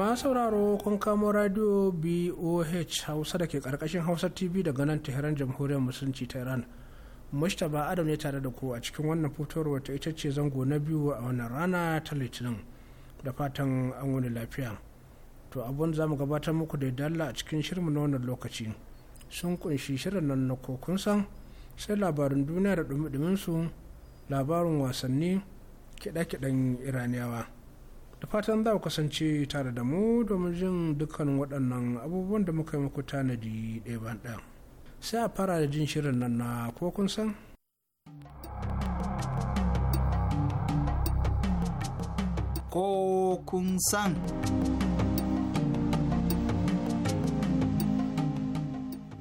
ma sauraro kun kamo radio boh hausa da ke karkashin hausa tv daga nan tehran jamhuriyar musulunci ta iran mustapha adam ne tare da ku a cikin wannan fitowar wata ita ce zango na biyu a wannan rana ta litinin da fatan an wani lafiya to abun za mu gabatar muku da dalla a cikin shirin na wannan lokaci sun kunshi shirin nan na kokun san sai labarin duniya da dumi su labarin wasanni kiɗa-kiɗan iraniyawa da fatan za ku kasance tare da mu domin jin dukkanin waɗannan abubuwan da muka yi muku tanadi ɗaya ban ɗaya sai a fara da jin shirin nan na ko kun san ko kun san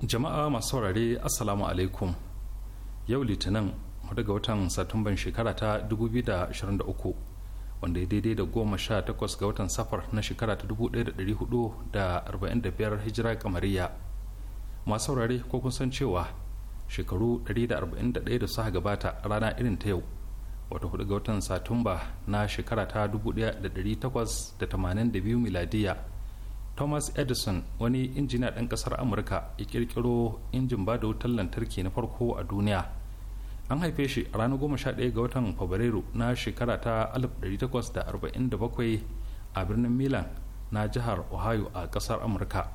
jama'a masu saurare assalamu alaikum yau litinin daga watan satumban shekara ta 2023 wanda ya daidai da goma sha takwas ga watan safar na shekara ta dubu ɗaya da ɗari hudu da arba'in da biyar hijira kamariya masu saurare ko kun san cewa shekaru ɗari da arba'in da ɗaya da suka gabata rana irin ta yau wata hudu ga watan satumba na shekara ta dubu ɗaya da ɗari takwas da tamanin da biyu miladiya thomas edison wani injiniya ɗan ƙasar amurka ya ƙirƙiro injin ba da wutar lantarki na farko a duniya an haife shi a ranar goma ɗaya ga watan fabrairu na shekara ta 1847 a birnin milan na jihar ohio a ƙasar amurka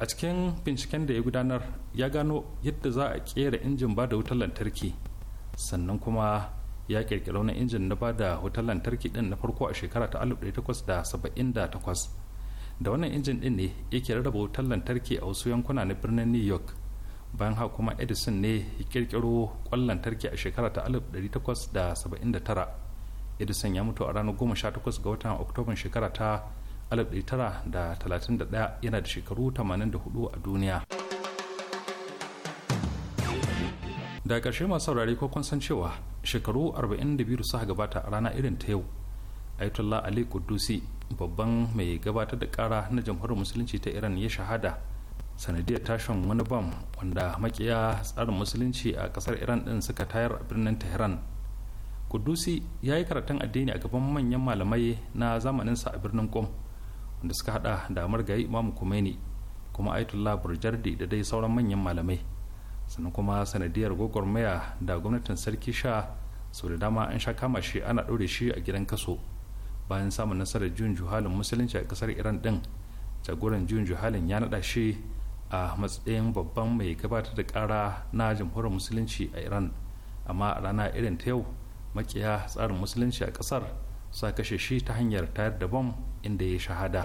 a cikin binciken da ya gudanar ya gano yadda za a ƙera injin ba da wutar lantarki sannan kuma ya kirkiri wani injin na ba da wutar lantarki ɗin na farko a shekara ta 1878 da wannan injin ɗin ne yake rarraba wutar lantarki a wasu yankuna na birnin new york bayan haka kuma edison ne ya kirkiro kwallon lantarki a shekara ta 1879 edison ya mutu a ranar 18 ga watan oktoban shekara ta 1931 yana da shekaru 84 a duniya da ƙarshe masu saurari ko kun san cewa shekaru 42 suka gabata a rana irin ta yau ayatollah ali kudusi babban mai gabatar da ƙara na jamhuriyar musulunci ta iran ya shahada sanadiyar tashin wani bam wanda makiya tsarin musulunci a kasar iran din suka tayar a birnin tehran kudusi ya yi karatun addini a gaban manyan malamai na zamaninsa a birnin kom wanda suka hada da margayi imam kumeni kuma aitullah burjardi da dai sauran manyan malamai sannan kuma sanadiyar gwagwarmaya da gwamnatin sarki sha sau da dama an sha kama shi ana ɗaure shi a gidan kaso bayan samun nasarar juyin juhalin musulunci a kasar iran din jagoran juyin juhalin ya naɗa shi a matsayin babban mai gabatar da kara na jamhuriyar musulunci a iran amma a rana irin ta yau makiya tsarin musulunci a kasar sa kashe shi ta hanyar tayar da bom inda ya shahada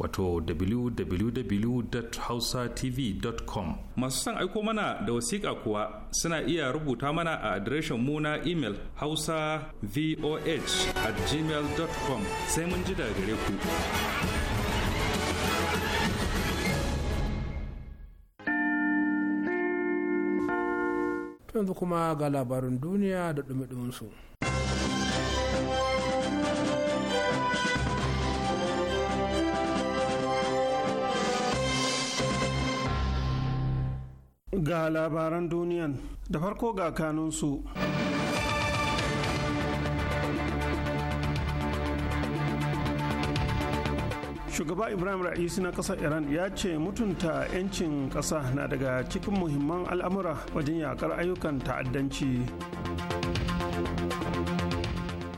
wato www.hausatv.com masu son aiko mana da wasiƙa kuwa suna iya rubuta mana a adireshin mu na imel hausa voh at gmail.com sai mun ji da gare ku yanzu kuma ga labarin duniya da dumi su. ga labaran duniyan da farko ga kanunsu shugaba ibrahim ra'isi na kasar iran ya ce mutunta 'yancin kasa na daga cikin muhimman al'amura wajen yakar ayyukan ta'addanci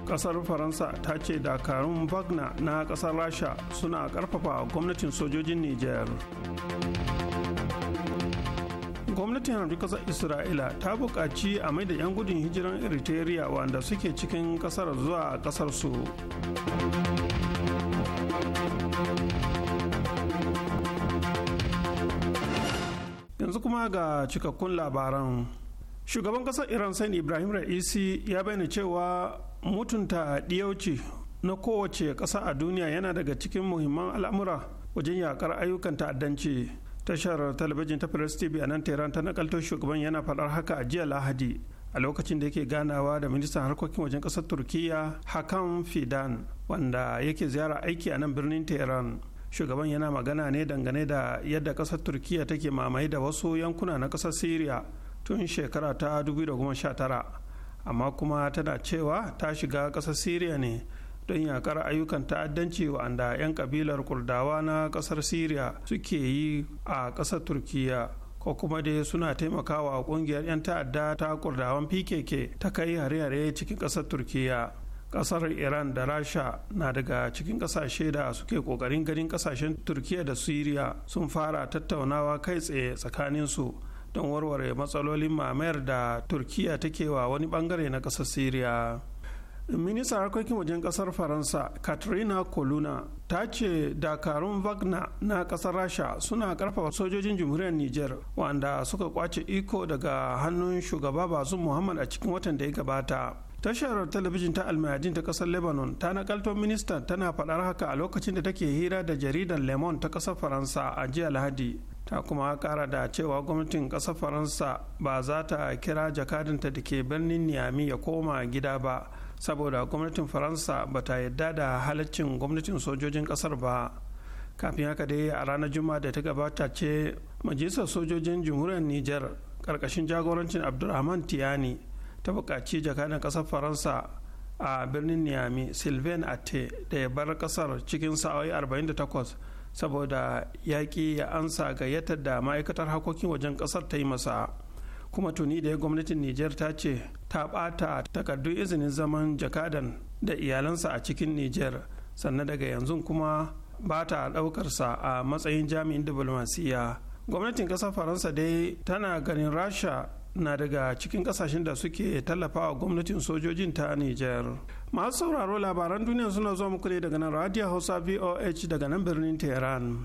kasar faransa ta ce dakarun wagner na kasar rasha suna karfafa gwamnatin sojojin Nijar. gwamnatin hamdu kasar isra'ila ta buƙaci a mai da 'yan gudun hijiran eritrea wanda suke cikin ƙasar zuwa ƙasar su yanzu kuma ga cikakkun labaran shugaban ƙasar iran sani ibrahim ra'isi ya bayyana cewa mutunta diyauci na kowace ƙasa a duniya yana daga cikin muhimman al'amura wajen yakar ayyukan ta'addanci tashar talabijin ta press tv a nan tehran ta nakalto shugaban yana faɗar haka a jiya lahadi a lokacin da yake ganawa da ministan harkokin wajen ƙasar turkiyya hakan fidan wanda yake ziyara aiki a nan birnin tehran shugaban yana magana ne dangane da yadda ƙasar turkiya take mamaye da wasu yankuna na ƙasar syria tun shekara ta 2019 amma kuma tana cewa ta shiga ƙasar syria ne don yakar ayyukan ta'addanci wa'anda 'yan kabilar kurdawa na kasar syria suke yi a kasar turkiya ko kuma dai suna taimakawa kungiyar 'yan ta'adda ta kurdawan pkk ta kai hare-hare cikin kasar turkiya kasar iran da rasha na daga cikin kasashe da suke kokarin ganin kasashen turkiya da syria sun fara tattaunawa kai tsaye tsakaninsu don warware matsalolin mamayar da turkiya take wa wani bangare na kasar syria ministan harkokin wajen kasar faransa katrina coluna ta ce dakarun wagner na kasar rasha suna karfafa sojojin jamhuriyar niger wanda suka kwace iko daga hannun shugaba bazu muhammad a cikin watan da ya gabata tashar talabijin ta almayadin ta kasar lebanon ta nakalto ministan tana faɗar haka a lokacin da take hira da jaridar lemon ta kasar faransa a jiya lahadi ta kuma kara da cewa gwamnatin kasar faransa ba za ta kira jakadanta da ke birnin niami ya koma gida ba saboda gwamnatin faransa ba ta yadda da halaccin gwamnatin sojojin kasar ba kafin haka dai a ranar juma'a da ta gabata ce majalisar sojojin jamhuriyar niger karkashin jagorancin abdulrahman tiyani ta buƙaci jakadan kasar faransa a birnin niamey sylvain ate da ya bar kasar cikin sa'o'i 48 saboda yaƙi ya ansa gayyatar da ma'aikatar harkokin wajen kasar ta yi masa kuma tuni da gwamnatin niger ta ce ta ɓata takardu izinin zaman jakadan da iyalansa a cikin niger sannan daga yanzu kuma ba ta ɗaukarsa a matsayin jami'in diplomasiyya gwamnatin ƙasar faransa dai tana ganin rasha na daga cikin ƙasashen da suke tallafawa gwamnatin sojojin ta niger masu sauraro labaran duniya suna zuwa muku ne daga nan radio hausa voh daga nan birnin tehran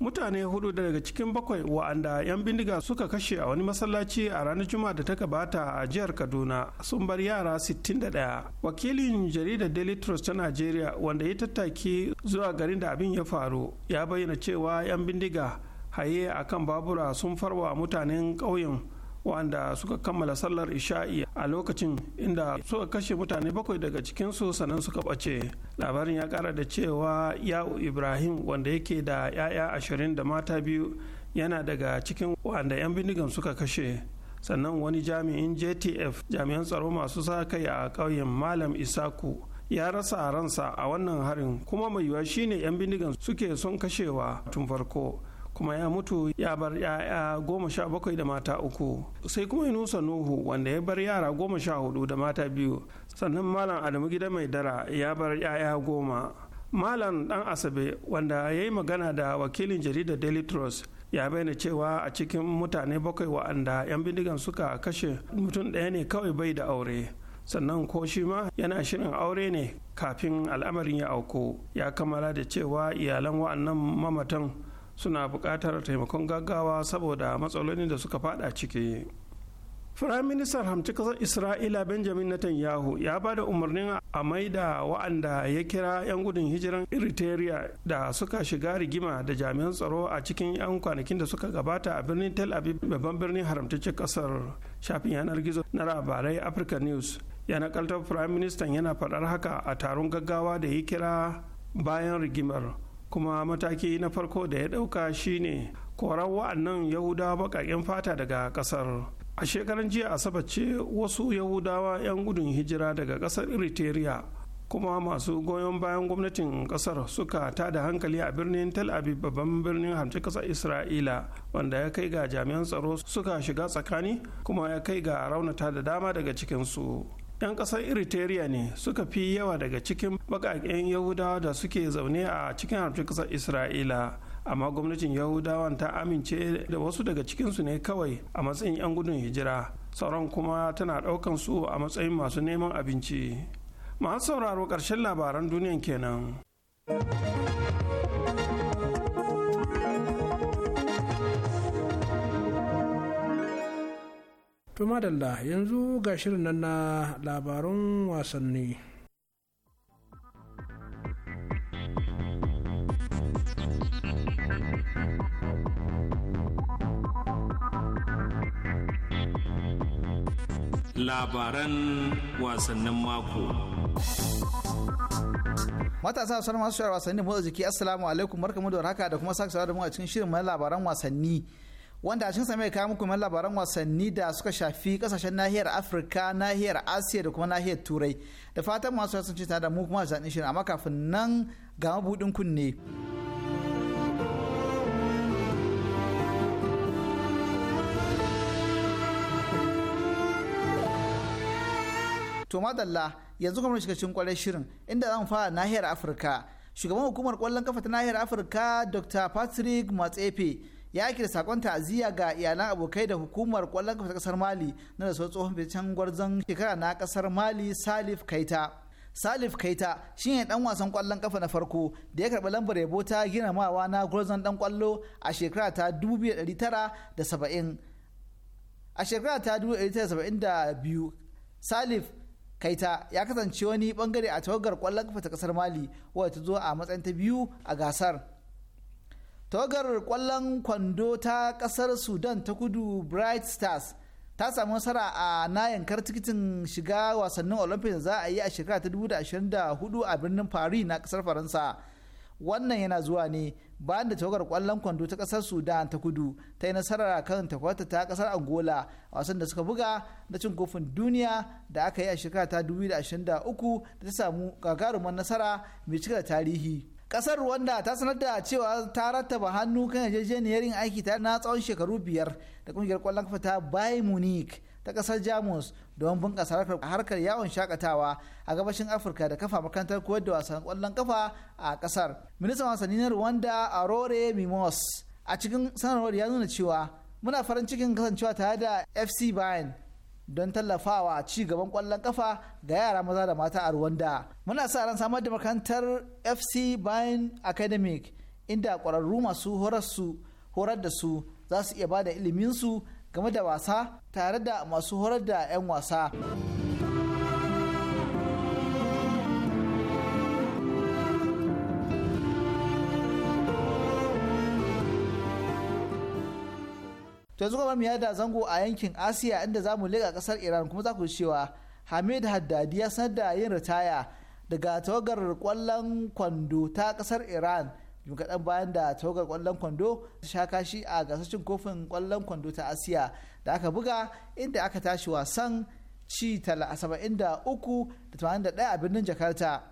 mutane hudu daga cikin bakwai wa'anda 'yan bindiga suka kashe a wani masallaci a ranar juma da ta gabata a jihar kaduna sun bar yara 61 wakilin jaridar daily trust ta nigeria wanda ya tattaki zuwa garin da abin ya faru ya bayyana cewa 'yan bindiga haye akan babura sun farwa mutanen ƙauyen wanda suka kammala sallar isha'i a lokacin inda suka kashe mutane bakwai daga cikinsu sannan suka bace labarin ya kara da cewa yawo ibrahim wanda yake da 'ya'ya ashirin da mata biyu yana daga cikin wanda 'yan bindigan suka kashe sannan wani jami'in jtf jami'an tsaro masu sa kai a ƙauyen malam isaku ya rasa ransa a wannan harin kuma mai yiwuwa shine 'yan bindigan suke son kashewa tun farko kuma ya mutu ya bar ‘ya'ya goma sha bakwai da mata uku sai kuma inusa Nuhu wanda ya bar yara goma sha hudu da mata biyu sannan Malam Adamu Gida Mai Dara ya bar ‘ya'ya goma. Malam Dan Asabe wanda ya yi magana da wakilin jaridar Daily Trust ya bayyana cewa a cikin mutane bakwai wa'anda 'yan bindigan suka kashe mutum ɗaya ne kawai bai da aure. sannan ko shi ma yana shirin aure ne kafin al'amarin ya auku ya kammala da cewa iyalan wa'annan mamatan suna buƙatar taimakon gaggawa saboda matsalolin da suka fada ciki firaministan hamci kasar isra'ila benjamin netanyahu ya ba da umarnin a maida wa'anda ya kira 'yan gudun hijiran eritrea da suka shiga rigima da jami'an tsaro a cikin 'yan kwanakin da suka gabata a birnin tel aviv babban birnin haramtaccen kasar shafin yanar gizo na labarai africa news ya nakaltar firaministan yana faɗar haka a taron gaggawa da ya kira bayan rigimar kuma mataki na farko da ya ɗauka shine korar wa'annan yahudawa baƙaƙen fata daga ƙasar a shekaran jiya asabar ce wasu yahudawa 'yan gudun hijira daga ƙasar eritrea kuma masu goyon bayan gwamnatin ƙasar suka tada hankali a birnin tel aviv babban birnin hamci kasar isra'ila wanda ya kai ga jami'an tsaro suka shiga tsakani kuma ya kai ga raunata da dama daga cikinsu 'yan kasar eritrea ne suka fi yawa daga cikin baƙaƙen yahudawa da suke zaune a cikin harfin kasar isra'ila amma gwamnatin yahudawan ta amince da wasu daga cikinsu ne kawai a matsayin 'yan gudun hijira sauran kuma tana ɗaukan su a matsayin masu neman abinci masu sauraro ƙarshen labaran duniyan kenan. to madalla yanzu ga shirin nan na labarun wasanni labaran wasannin mako matasa sanar masu shawar wasanni motsa jiki assalamu alaikum barkamu da haka da kuma sake da mu a cikin shirin labaran wasanni wanda a cikin samai kawo muku mai labaran wasanni da suka shafi kasashen nahiyar afirka nahiyar asiya da kuma nahiyar turai da fatan masu sun ce da mu kuma zaɓin shirin amma kafin nan ga mabuɗin kunne. to madalla yanzu kuma shiga cikin kwarai shirin inda zan fara nahiyar afirka shugaban hukumar kwallon kafa ta nahiyar afirka dr patrick matsefe ya da sakon ta'aziyya ga iyalan abokai da hukumar kwallon kafa kasar mali na da tsohon fitan gwarzon shekara na kasar mali salif kaita salif kaita shine dan wasan kwallon kafa na farko da ya karɓi lambar yabo ta mawa na gwarzon dan kwallo a shekara ta 1970 salif kaita ya kasance wani bangare a tawagar kwallon kafa ta kasar mali wadda ta zo a matsayin ta biyu a gasar tawagar kwallon kwando ta kasar sudan ta kudu bright stars ta samu nasara a nayankar tikitin shiga wasannin olympics da za a yi a shekara ta 2024 a birnin paris na kasar faransa wannan yana zuwa ne bayan da tawagar kwallon kwando ta kasar sudan ta kudu ta yi nasarar kan takwata ta kasar angola wasan da suka buga na cin kofin duniya da aka yi a shekara ta 2023 da ta samu gagarumar nasara mai cika da tarihi kasar rwanda ta sanar da cewa ta rattaba hannu kan yarjejeniyar yin aiki tare na tsawon shekaru biyar da kungiyar kwallon kafa ta bayan munich ta kasar jamus don bunƙasa harkar yawon shakatawa a gabashin afirka da kafa makarantar koyar da wasan kwallon kafa a kasar ministan wasanni na rwanda arore mimos a cikin sanarwar ya nuna cewa muna farin cikin kasancewa tare da fc bayern don tallafawa a ci gaban kwallon kafa ga yara maza da mata a Rwanda. Muna sa ran samar da makarantar FC Bayan Academic inda ƙwararru masu horar da su za su iya ba da iliminsu game da wasa tare da masu horar da 'yan wasa. to yanzu kuma ya da zango a yankin asiya inda za mu leƙa ƙasar iran kuma za ku cewa hamid haddadi ya sanar da yin ritaya daga tawagar ƙwallon kwando ta ƙasar iran jimka kaɗan bayan da tawagar ƙwallon kwando ta sha kashi a gasashen kofin ƙwallon kwando ta asiya da aka buga inda aka tashi wasan ci 73 da 81 a birnin jakarta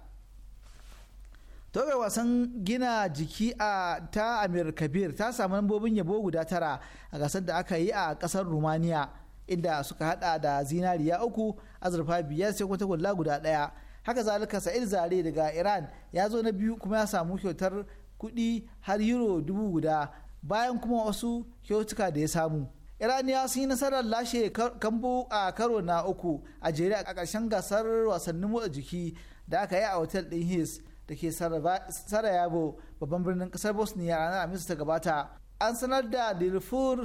tobe wasan gina jiki a ta amir kabir ta samu lambobin yabo guda tara a gasar da aka yi a kasar rumaniya inda suka hada da zinariya uku azurfa biyar sai kuma gulla guda daya haka zalika sa'id zare daga iran ya zo na biyu kuma ya samu kyautar kudi har euro dubu guda bayan kuma wasu kyautuka da ya samu iraniya sun yi nasarar lashe kambu a karo na uku a jere a karshen gasar wasannin motsa jiki da aka yi a otal ɗin his da ke sarajevo babban birnin kasar bosnia ranar alhamis ta gabata an sanar da dilfur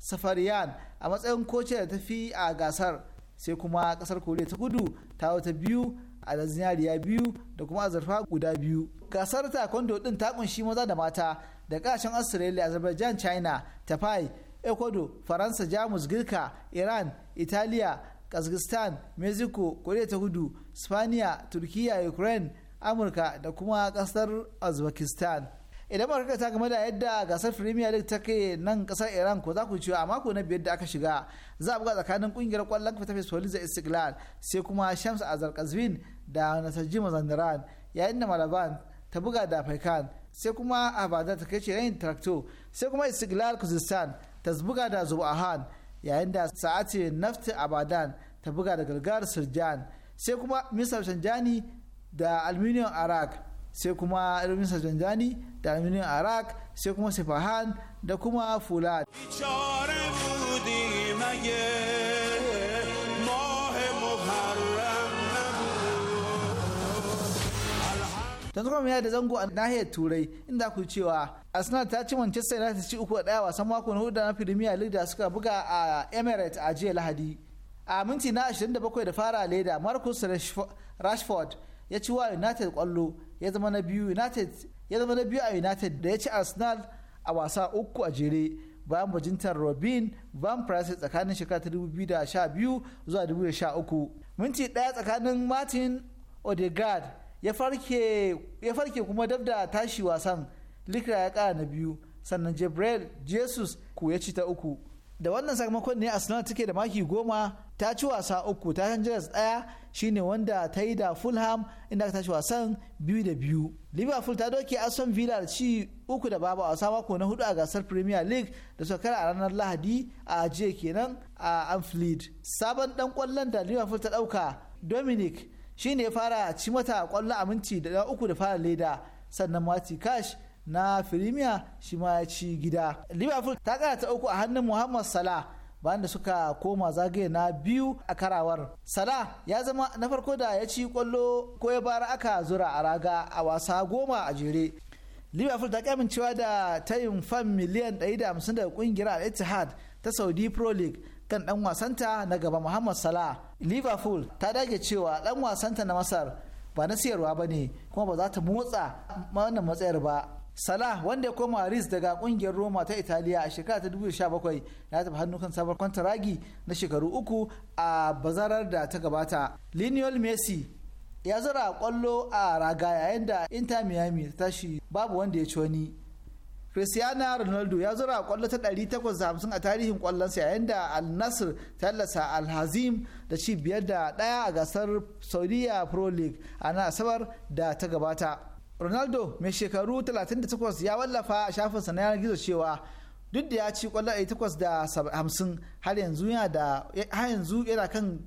safariyan a matsayin koce da ta fi a gasar sai kuma kasar koriya ta gudu. ta wata biyu a da zinariya biyu da kuma azurfa guda biyu gasar ta kwando din ta kunshi maza da mata da kasashen australia azerbaijan china tafai ecuador faransa jamus girka iran italiya kazakhstan mexico korea ta gudu spaniya turkiya ukraine amurka da kuma kasar uzbekistan idan ba ta game da yadda gasar premier league ta kai nan kasar iran ko za ku ciwo a mako na biyar da aka shiga za a buga tsakanin kungiyar kwallon kafa ta fesfoliza istiklal sai kuma shams azar kazvin da nasarji mazandaran yayin da malaban ta buga da faikan sai kuma abadan ta kai rayin trakto sai kuma istiklal kuzistan ta buga da zubahan yayin da sa'ati nafti abadan ta buga da gargar sirjan sai kuma misar canjani da aluminium arak sai kuma irin sajjani da aluminium arak sai kuma sifahan da kuma fulad don kuma ya da zango a nahiyar turai inda ku cewa arsenal ta ci manchester united ci uku daya wasan mako na hudu na premier league da suka buga a emirates a jiya lahadi a minti na 27 da fara leda marcus rashford ya ci wa united kwallo ya zama na biyu united ya zama na biyu a united da ya ci arsenal a wasa uku a jere bayan bajintar robin van price tsakanin shekara 2012 zuwa 2013 minti daya tsakanin martin odegaard ya farke kuma dab da tashi wasan likra ya kara na biyu sannan jebrel jesus ku ya ci ta uku da wannan sakamakon ne arsenal take da maki goma ta ci wasa uku ta canjira daya shine wanda ta yi da fulham inda aka tashi wasan biyu da biyu liverpool ta doke aston villa da ci uku da babu a mako na hudu a gasar premier league da suka kara a ranar lahadi a jiya kenan a anfield sabon dan kwallon da liverpool ta dauka dominic shine ya fara ci mata kwallo a minti da uku da fara leda sannan mati cash na firimiya shi ma ya ci gida liverpool ta kara ta uku a hannun muhammad salah bayan da suka koma zagaye na biyu a karawar sala ya zama na farko da ya ci kwallo ko ya bara aka zura a raga a wasa goma a jere liverpool ta kamincewa da tayin fan miliyan 150 daga kungiyar al-ittihad ta saudi pro league kan dan wasanta na gaba Muhammad Salah. Liverpool ta dage cewa dan wasanta na Masar ba na siyarwa ba ne kuma ba za ta motsa wannan matsayar ba. Salah wanda ya koma Aris daga kungiyar Roma ta Italiya a shekara ta 2017 ya tafi hannu kan sabon kwantaragi na shekaru uku a bazarar da ta gabata. Lionel Messi ya zara kwallo a raga yayin da Inter Miami ta tashi babu wanda ya ci wani. Cristiano Ronaldo ya zura kwallo ta 850 a tarihin kwallonsa yayin da Al Nassr ta lasa Al Hazim da ci biyar da ɗaya a gasar Saudiya Pro League a asabar da ta gabata. ronaldo mai shekaru 38 ya wallafa a shafinsa na yanar gizo cewa duk da ya ci kwallo 50 har yanzu yana kan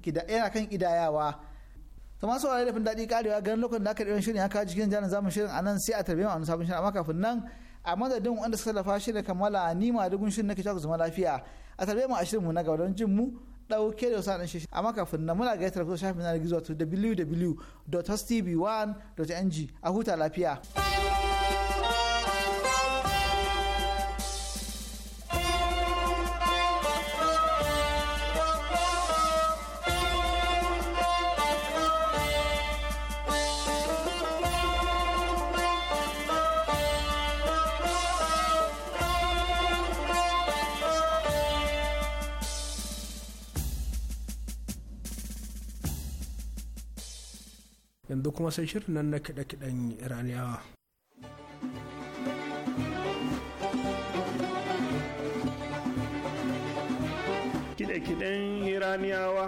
kidayawa ta masu da dafin daɗi karewa ganin lokacin da aka ɗaya shirin ya kawo jikin janar zamu shirin a nan sai a tarbiyyar wani sabon shirin amma kafin nan a madadin wanda suka lafa shirin kammala ni ma dugun shirin nake shaku zama lafiya a tarbiyyar mu a shirin mu na gaba don jin mu ɗauke da wasu haɗin shi amma kafin na muna gaitar ko shafin na gizo to www.hostv1.ng a huta lafiya. yanzu kuma sai shirin nan na kiɗe-kiɗen iraniyawa kiɗe-kiɗen iraniyawa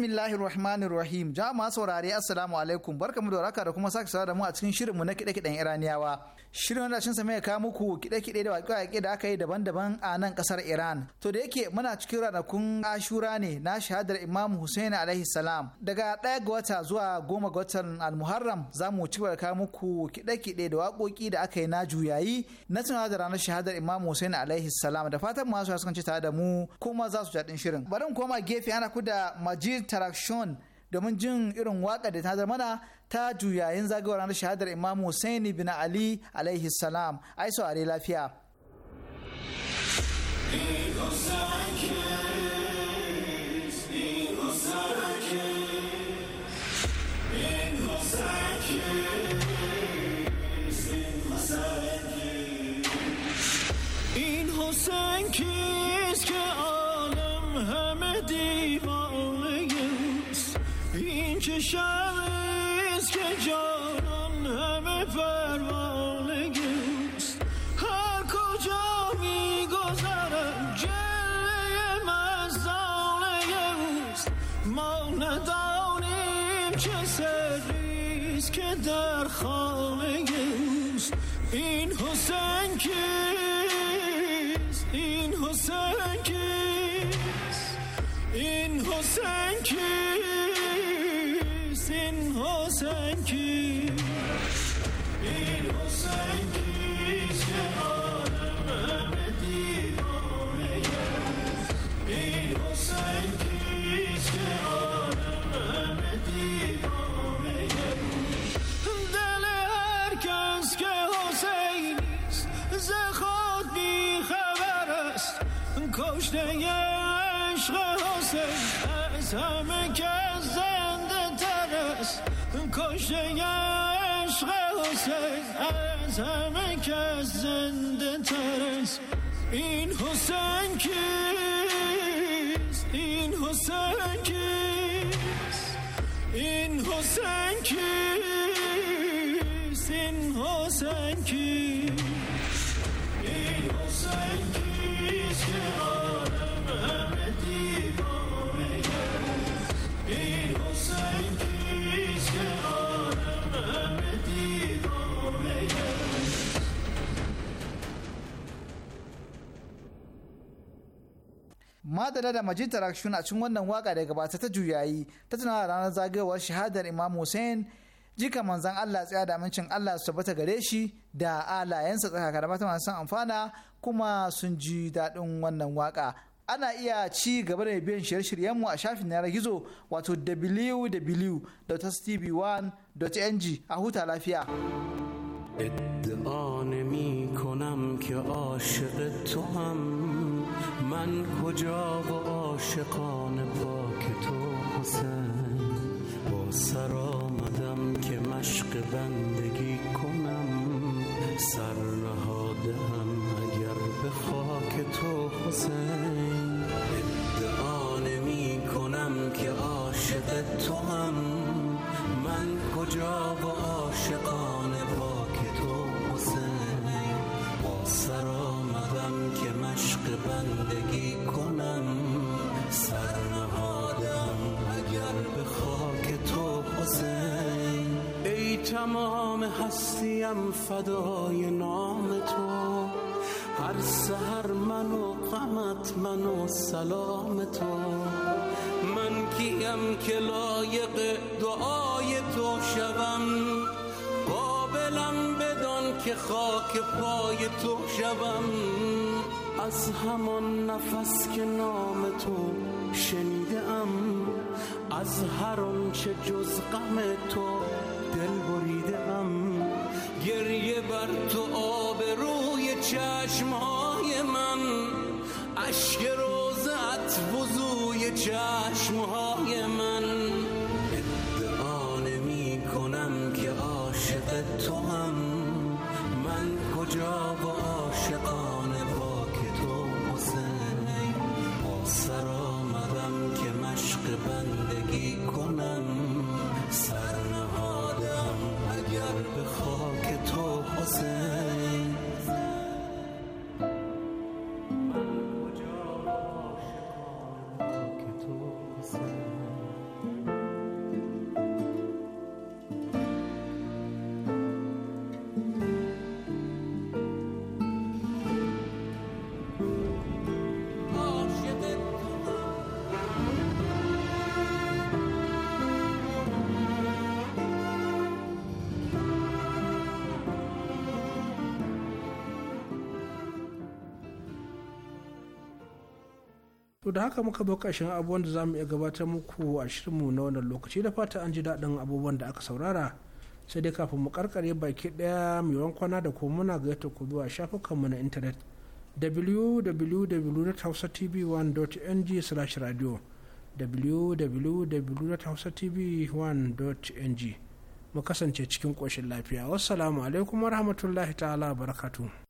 bismillahi rahmani rahim jama'a saurare assalamu alaikum barkamu da waraka da kuma sake sawa mu a cikin mu na kide kiɗen iraniyawa shirin wanda shin same ka muku kiɗe-kiɗe da waƙe-waƙe da aka yi daban-daban a nan kasar iran to da yake muna cikin ranakun ashura ne na shahadar imam hussein alaihi salam daga ɗaya ga wata zuwa goma ga watan almuharram za mu ci ka muku kiɗe-kiɗe da waƙoƙi da aka yi na juyayi na tunawa da ranar shahadar imam hussein alaihi salam da fatan masu ya tare da mu kuma za su jaɗin shirin bari mu koma gefe ana ku da majid interaction domin jin irin waka da ta mana ta yin zagayowar ranar shahadar imam hussein bin ali alaihi salam ai saurari lafiya Thank you. شمیست که جانم همه پروانگیست هر کجا میگذرم جله مزدانه اوست ما ندانیم چه سریست که در خانه اوست این حسین کیست این حسین کیست این حسین کیست این دل هر که است کشته عشق حسین از همه که است کشته عشق حسین از همه کس زنده تر است این حسن کیست این حسن کیست این حسن کیست این حسن کیست madala da majid tarakshun a cikin wannan waka da gabata ta juyayi ta tunawa ranar zagayowar shahadar imam hussein jika manzan allah tsaya da amincin allah su tabbata gare shi da alayensa tsakaka da mata sun amfana kuma sun ji daɗin wannan waka ana iya ci gaba da biyan shirye mu a shafin na gizo wato www.tv1.ng a huta lafiya. ادعا نمی کنم که عاشق تو هم من کجا و عاشقان پاک تو حسین با سر آمدم که مشق بندگی کنم سر نهادم اگر به خاک تو حسین ادعا نمی کنم که عاشق تو هم زندگی کنم سر نهادم اگر به خاک تو حسین ای تمام هستیم فدای نام تو هر سهر من و منو سلام تو من کیم که لایق دعای تو شوم قابلم بدان که خاک پای تو شوم از همان نفس که نام تو شنیده از هر چه جز غم تو دل بریده گریه بر تو آب روی چشمهای من اشک روزت وضوی چشمهای من to da haka muka ƙarshen abubuwan da za mu iya gabatar muku a shirinmu na wannan lokaci da fata an ji daɗin abubuwan da aka saurara sai dai kafin mu karkare baki ɗaya mai wankwana da kuma muna gayyata ku zuwa shafukanmu na intanet www.hausatv1.ng/radio www.hausatv1.ng mu kasance cikin koshin lafiya wassalamu alaikum warahmatullahi ta'ala barakatu.